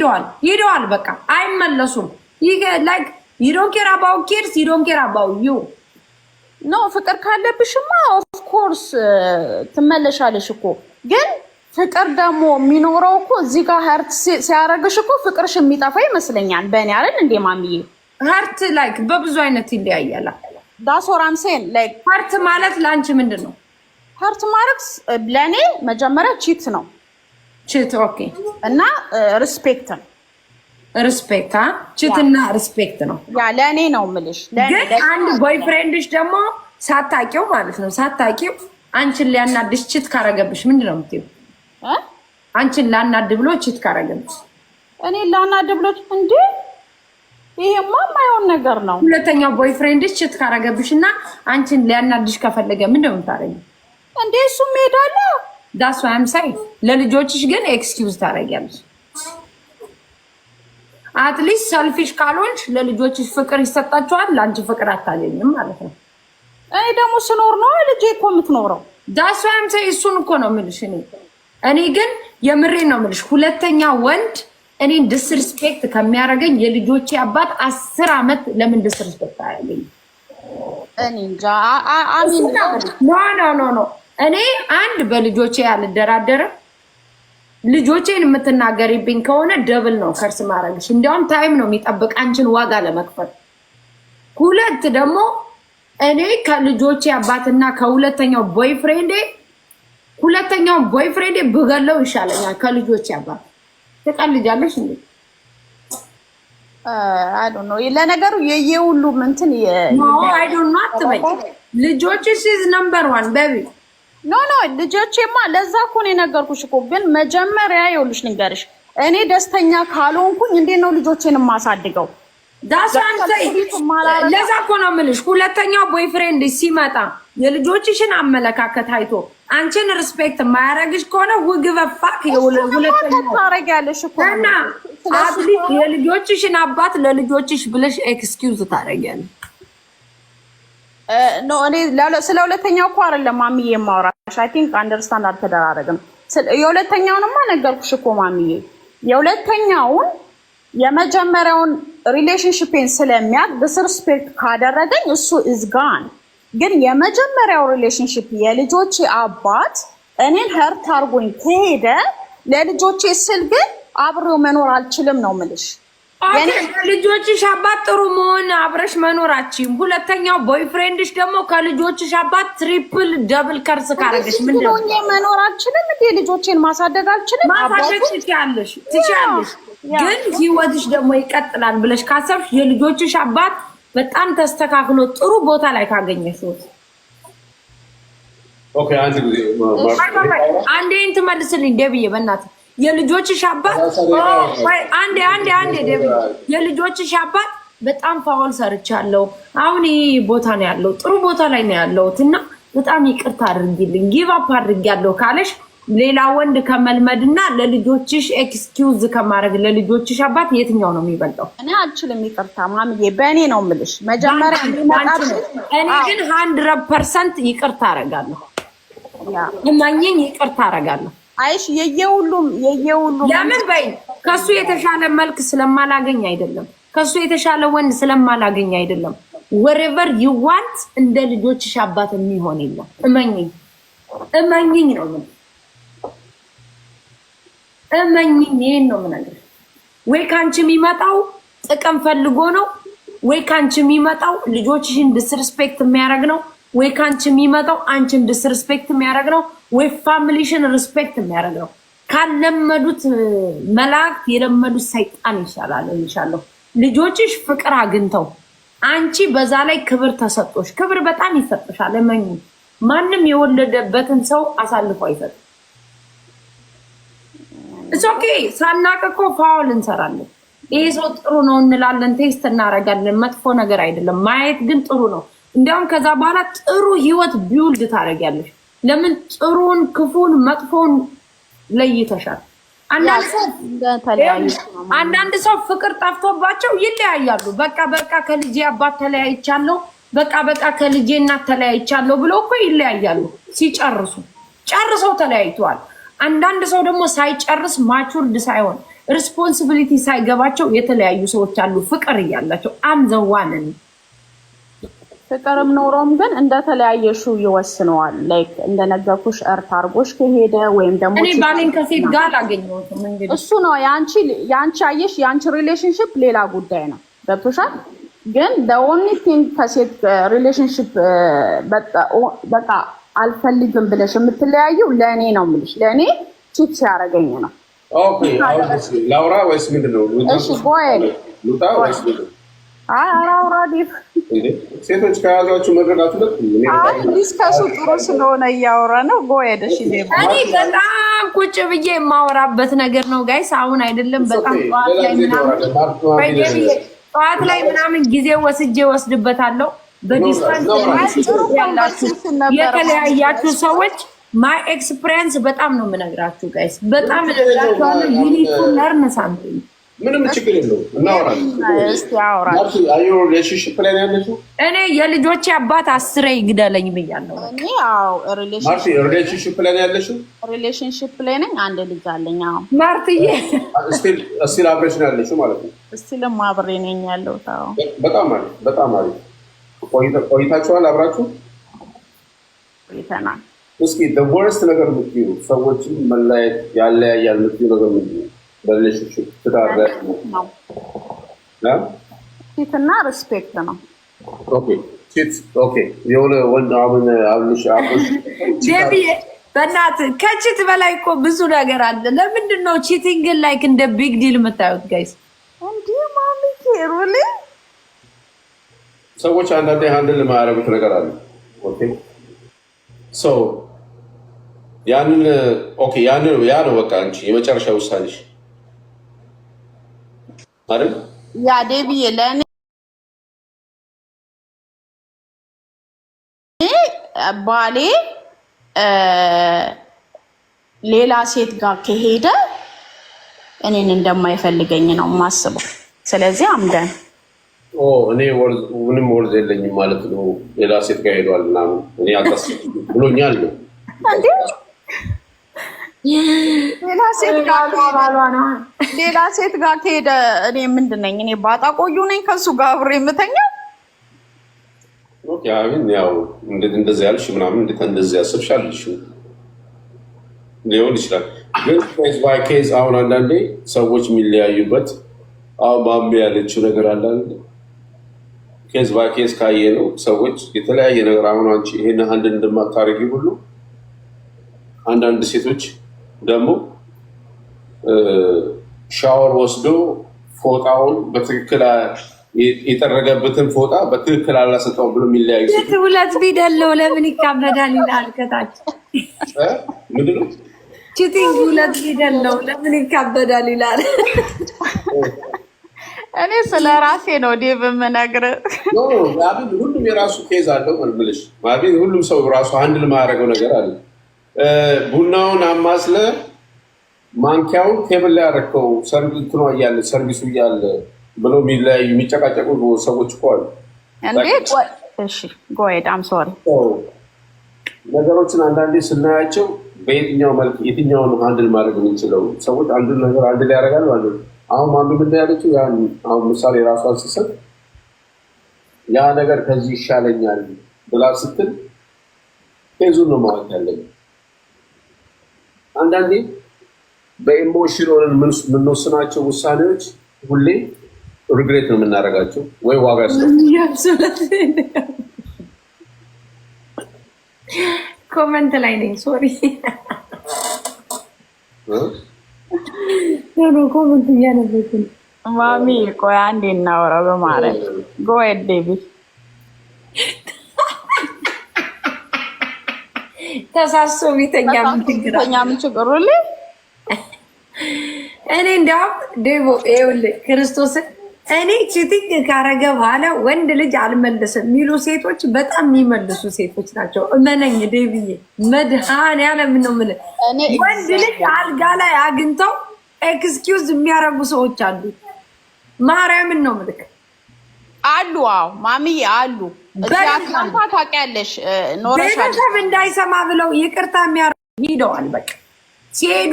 ሄደዋል ሄደዋል። በቃ አይመለሱም። ላይክ ዩ ዶንት ኬር አባውት ኪድስ ዩ ዶንት ኬር አባውት ዩ ኖ ፍቅር ካለብሽማ ኦፍ ኮርስ ትመለሻለሽ እኮ ግን ፍቅር ደግሞ የሚኖረው እኮ እዚህ ጋር ሀርት ሲያደርግሽ እኮ ፍቅርሽ የሚጠፋ ይመስለኛል። በእኔ አይደል እንዴ ማሚዬ? ሀርት ላይክ በብዙ አይነት ይለያያል። ዳሶራምሴን ላይክ ሀርት ማለት ለአንቺ ምንድን ነው? ሀርት ማለት ለእኔ መጀመሪያ ቺት ነው ችት ኦኬ። እና ሪስፔክት ነው ሪስፔክት ችት እና ሪስፔክት ነው። ያ ለእኔ ነው የምልሽ። ግን አንድ ቦይፍሬንድሽ ደግሞ ሳታቂው ማለት ነው ሳታቂው አንቺን ሊያናድሽ ችት ካረገብሽ ምንድን ነው የምትይው? አንቺን ላናድ ብሎ ችት ካረገብሽ እኔ ላናድ ብሎ እንዴ ይሄማ የማይሆን ነገር ነው። ሁለተኛው ቦይፍሬንድሽ ችት ካረገብሽ እና አንቺን ሊያናድሽ ከፈለገ ምንድን ነው የምታረጊው? እንዴ እሱም ሄዳለሁ ዳሱ አምሳይ ለልጆችሽ ግን ኤክስኪውዝ ታደርጊያለሽ። አትሊስት ሰልፊሽ ካልሆንሽ ለልጆችሽ ፍቅር ይሰጣቸዋል፣ ለአንቺ ፍቅር አታገኝም ማለት ነው። እኔ ደግሞ ስኖር ነው ልጄ እኮ የምትኖረው። ዳሱ አምሳይ እሱን እኮ ነው የምልሽ። እኔ እኔ ግን የምሬ ነው የምልሽ። ሁለተኛ ወንድ እኔን ዲስሪስፔክት ከሚያደርገኝ የልጆቼ አባት አስር ዓመት ለምን ዲስሪስፔክት አያገኝም? እኔ እንጃ። አሚን ኖ ኖ ኖ እኔ አንድ በልጆቼ አልደራደርም። ልጆቼን የምትናገሪብኝ ከሆነ ደብል ነው ከርስ ማድረግሽ። እንዲያውም ታይም ነው የሚጠብቅ አንቺን ዋጋ ለመክፈል። ሁለት ደግሞ እኔ ከልጆቼ አባትና ከሁለተኛው ቦይፍሬንዴ ሁለተኛውን ቦይፍሬንዴ ብገለው ይሻለኛል ከልጆቼ አባት። ትቀልጃለሽ እንዴ? አይ ዶንት ኖ። ለነገሩ የየሁሉም እንትን አይ ዶንት አትበይ። ልጆችሽ ኢዝ ነምበር ዋን ቤቢ ኖ ኖ ልጆቼማ ለዛ እኮ ነው የነገርኩሽ እኮ። ግን መጀመሪያ የውልሽ ንገርሽ፣ እኔ ደስተኛ ካልሆንኩኝ እንዴት ነው ልጆቼን የማሳድገው? ለዛ እኮ ነው የምልሽ። ሁለተኛው ቦይፍሬንድ ሲመጣ የልጆችሽን አመለካከት አይቶ አንቺን ሪስፔክት የማያደርግሽ ከሆነ ውግበ ውግበፋክ ታረጊያለሽ እኮ እና የልጆችሽን አባት ለልጆችሽ ብለሽ ኤክስኪውዝ ታደርጊያለሽ ኖ እኔ ስለ ሁለተኛው እኮ አይደለም ማሚዬ የማወራሽ። አይ ቲንክ አንደርስታንድ አልተደራረግም። የሁለተኛውንማ ነገርኩሽ እኮ ማሚዬ። የሁለተኛውን የመጀመሪያውን ሪሌሽንሽፔን ስለሚያውቅ ዲስርስፔክት ካደረገኝ እሱ እዝጋን። ግን የመጀመሪያው ሪሌሽንሽፕ የልጆቼ አባት እኔን ሄርት አድርጎኝ ከሄደ ለልጆቼ ስል ግን አብሬው መኖር አልችልም ነው ምልሽ ልጆችሽ አባት ጥሩ መሆን አብረሽ መኖራችን። ሁለተኛው ቦይፍሬንድሽ ደግሞ ከልጆችሽ አባት ትሪፕል ደብል ከርስ ካረገሽ ምንድን መኖራችንም እ ልጆችን ማሳደግ አልችልም። ማሳደግ ትችያለሽ ትችያለሽ፣ ግን ህይወትሽ ደግሞ ይቀጥላል ብለሽ ካሰብሽ የልጆችሽ አባት በጣም ተስተካክሎ ጥሩ ቦታ ላይ ካገኘሽ አንዴን ትመልስልኝ ደብዬ በእናትህ የልጆችሽ አባት አንዴ አንዴ አንዴ የልጆችሽ አባት በጣም ፋውል ሰርቻለሁ። አሁን ይሄ ቦታ ነው ያለው ጥሩ ቦታ ላይ ነው ያለሁት እና በጣም ይቅርታ አድርጊልኝ ጊቭ አፕ አድርጊያለሁ ካለሽ ሌላ ወንድ ከመልመድ እና ለልጆችሽ ኤክስኪውዝ ከማድረግ ለልጆችሽ አባት የትኛው ነው የሚበልጠው? እኔ አልችልም። ይቅርታ ማምዬ፣ በእኔ ነው ምልሽ። መጀመሪያ እኔ ግን ሀንድረድ ፐርሰንት ይቅርታ አረጋለሁ። እማኝኝ ይቅርታ አረጋለሁ። አይሽ የየሁሉም የየሁሉም ለምን በይ ከሱ የተሻለ መልክ ስለማላገኝ አይደለም፣ ከሱ የተሻለ ወንድ ስለማላገኝ አይደለም። ወሬቨር ይዋንት እንደ ልጆችሽ አባት የሚሆን የለም። እመኝኝ እመኝኝ ነው ምን እመኝኝ ይሄን ነው ምናገር ወይ ከአንቺ የሚመጣው ጥቅም ፈልጎ ነው ወይ ከአንቺ የሚመጣው ልጆችሽን ዲስርስፔክት የሚያደርግ ነው ወይ ከአንቺ የሚመጣው አንቺን ዲስሪስፔክት የሚያደርግ ነው ወይ ፋሚሊሽን ሪስፔክት የሚያደርግ ነው። ካለመዱት መላእክት የለመዱት ሰይጣን ይሻላል ይሻለሁ። ልጆችሽ ፍቅር አግኝተው አንቺ በዛ ላይ ክብር ተሰጦሽ፣ ክብር በጣም ይሰጥሻል። እመኝ፣ ማንም የወለደበትን ሰው አሳልፎ አይሰጥ። ኦኬ ሳናቅ እኮ ፋውል እንሰራለን። ይሄ ሰው ጥሩ ነው እንላለን፣ ቴስት እናደርጋለን። መጥፎ ነገር አይደለም። ማየት ግን ጥሩ ነው። እንዲያውም ከዛ በኋላ ጥሩ ህይወት ቢውልድ ታደርጊያለሽ። ለምን ጥሩን፣ ክፉን፣ መጥፎን ለይተሻል። አንዳንድ ሰው ፍቅር ጠፍቶባቸው ይለያያሉ። በቃ በቃ ከልጄ አባት ተለያይቻለሁ፣ በቃ በቃ ከልጄ እናት ተለያይቻለሁ ብሎ እኮ ይለያያሉ። ሲጨርሱ ጨርሰው ተለያይተዋል። አንዳንድ ሰው ደግሞ ሳይጨርስ ማቹርድ ሳይሆን ሪስፖንሲቢሊቲ ሳይገባቸው የተለያዩ ሰዎች አሉ። ፍቅር እያላቸው አምዘዋንን ፍቅርም ኖሮም ግን እንደተለያየሹ ይወስነዋል። ላይክ እንደነገርኩሽ እርት አርጎሽ ከሄደ ወይም ደግሞ ባሌን ከሴት ጋር አላገኘሁትም እሱ ነው የአንቺ አየሽ፣ የአንቺ ሪሌሽንሽፕ ሌላ ጉዳይ ነው። ገብቶሻል። ግን ኦንሊ ቲንግ ከሴት ሪሌሽንሽፕ uh, uh, በቃ አልፈልግም ብለሽ የምትለያየው ለእኔ ነው የምልሽ፣ ለእኔ ቺት ሲያደርገኝ ነው። ኦኬ ላውራ ወይስ ምንድን ነው? እሺ ጎ ሴቶች ከያዟችሁ መድረጋት ዲስከሱ ጥሩ ስለሆነ እያወራ ነው። ጎሄደሽ እኔ በጣም ቁጭ ብዬ የማወራበት ነገር ነው ጋይስ። አሁን አይደለም በጣም ጠዋት ላይ ምናምን ጊዜ ወስጄ ወስድበታለሁ። በዲስታንስ የተለያያችሁ ሰዎች ማይ ኤክስፒሪየንስ በጣም ነው የምነግራችሁ ጋይስ። በጣም እነግራችኋለሁ። ዩኒክ ለርን ሳምቲንግ ምንም ችግር የለውም። እናወራለን። ሪሌሽንሽፕ ላይ ያለችው እኔ የልጆቼ አባት አስሬ ይግደለኝ ብያለሁ። ሪሌሽንሽፕ ላይ ያለችው ላይ ነኝ። አንድ ልጅ አለኝ። ማርትዬ ያለችው ማለት ነው። አብሬ ነኝ አብራችሁ? ቆይተናል። እስኪ ወርስት ነገር ሰዎችን መለያየት ያለያያል ነገር ምንድን በሪሌሽንሽፕ ትዳር ላይ ፊትና ሪስፔክት ነው። ኦኬ ፊት ኦኬ። የሆነ ወንድ አሁን አብልሽ አብልሽ ዴቢ በእናትህ ከቺት በላይ እኮ ብዙ ነገር አለ። ለምንድን ነው ቺቲንግን ላይክ እንደ ቢግ ዲል የምታዩት ጋይስ? እንዲህ ማሚ ኬሩል ሰዎች አንዳንዴ ሀንድል የማያደርጉት ነገር አለ። ኦኬ ያንን ያ ነው በቃ አንቺ የመጨረሻ ውሳኔሽ አይደል? ያ ዴቢዬ ለእኔ ባሌ ሌላ ሴት ጋር ከሄደ እኔን እንደማይፈልገኝ ነው የማስበው። ስለዚህ አምደን እኔ ምንም ወርዝ የለኝም ማለት ነው ሌላ ሴት ጋር ሄዷል ምናምን እኔ አልታስ ብሎኛል ነው ሌላ ሴት ጋር ሌላ ሴት ጋር ከሄደ እኔ ምንድን ነኝ? እኔ ባጣ ቆዩ ነኝ ከሱ ጋር አብሬ የምተኛው። ያን ያው እንዴት እንደዚህ ያልሽ ምናምን እንዴት እንደዚህ ያሰብሽ አልሽ ሊሆን ይችላል። ግን ኬዝ ባይ ኬዝ አሁን አንዳንዴ ሰዎች የሚለያዩበት አሁን ባምቢ ያለችው ነገር አለ። ኬዝ ባይ ኬዝ ካየ ነው ሰዎች የተለያየ ነገር አሁን አንቺ ይሄን አንድ እንደማታረጊ ሁሉ አንዳንድ ሴቶች ደግሞ ሻወር ወስዶ ፎጣውን በትክክል የጠረገበትን ፎጣ በትክክል አላሰጠው ብሎ የሚለያዩ ሁለት ቤድ ለምን ይካመዳል ይላል ከታች ምንድን ነው ቺቲንግ ሁለት ቤድ ለምን ይካበዳል ይላል። እኔ ስለ ራሴ ነው ዴ በምነግር ሁሉም የራሱ ኬዝ አለው ብልሽ ሁሉም ሰው ራሱ አንድ ልማያደረገው ነገር አለ ቡናውን አማስለ ማንኪያውን ቴብል ላይ ያረከው እንትኗ እያለ ሰርቪሱ እያለ ብሎ የሚለያዩ የሚጨቃጨቁ ሰዎች እኮ አሉ። ነገሮችን አንዳንዴ ስናያቸው በየትኛው መልክ የትኛውን አንድል ማድረግ የምንችለው ሰዎች አንዱ ነገር አንድ ላይ ያደርጋሉ። አንዱ አሁን ማንዱ ምንድን ያለችው ያን አሁን ምሳሌ ራሷን ስትሰጥ ያ ነገር ከዚህ ይሻለኛል ብላ ስትል ፌዙን ነው ማለት ያለኝ። አንዳንዴ በኢሞሽን ሆነን የምንወስናቸው ውሳኔዎች ሁሌ ሪግሬት ነው የምናደርጋቸው ወይ ዋጋ ኮመንት ላይ ነኝ። ሶሪ ኮመንት እያነበብኩ ማሚ፣ ቆይ አንዴ እናወራ በማለት ጎ ዴቪድ ተሳሶ ቤተኛ ምትግረኛ ምን ችግሩ እኔ እንዲያውም ደቦ ይኸውልህ ክርስቶስን እኔ ቺቲንግ ካረገ በኋላ ወንድ ልጅ አልመልስም የሚሉ ሴቶች በጣም የሚመልሱ ሴቶች ናቸው። እመነኝ ደብዬ መድኃኔዓለም ነው የምልህ። ወንድ ልጅ አልጋ ላይ አግኝተው ኤክስኪውዝ የሚያረጉ ሰዎች አሉ። ማርያምን ነው የምልህ አሉ። አዎ ማሚዬ አሉ ታውቂያለሽ፣ ቤተሰብ እንዳይሰማ ብለው ይቅርታ የሚያ ሄደዋል። በቃ ሲሄዱ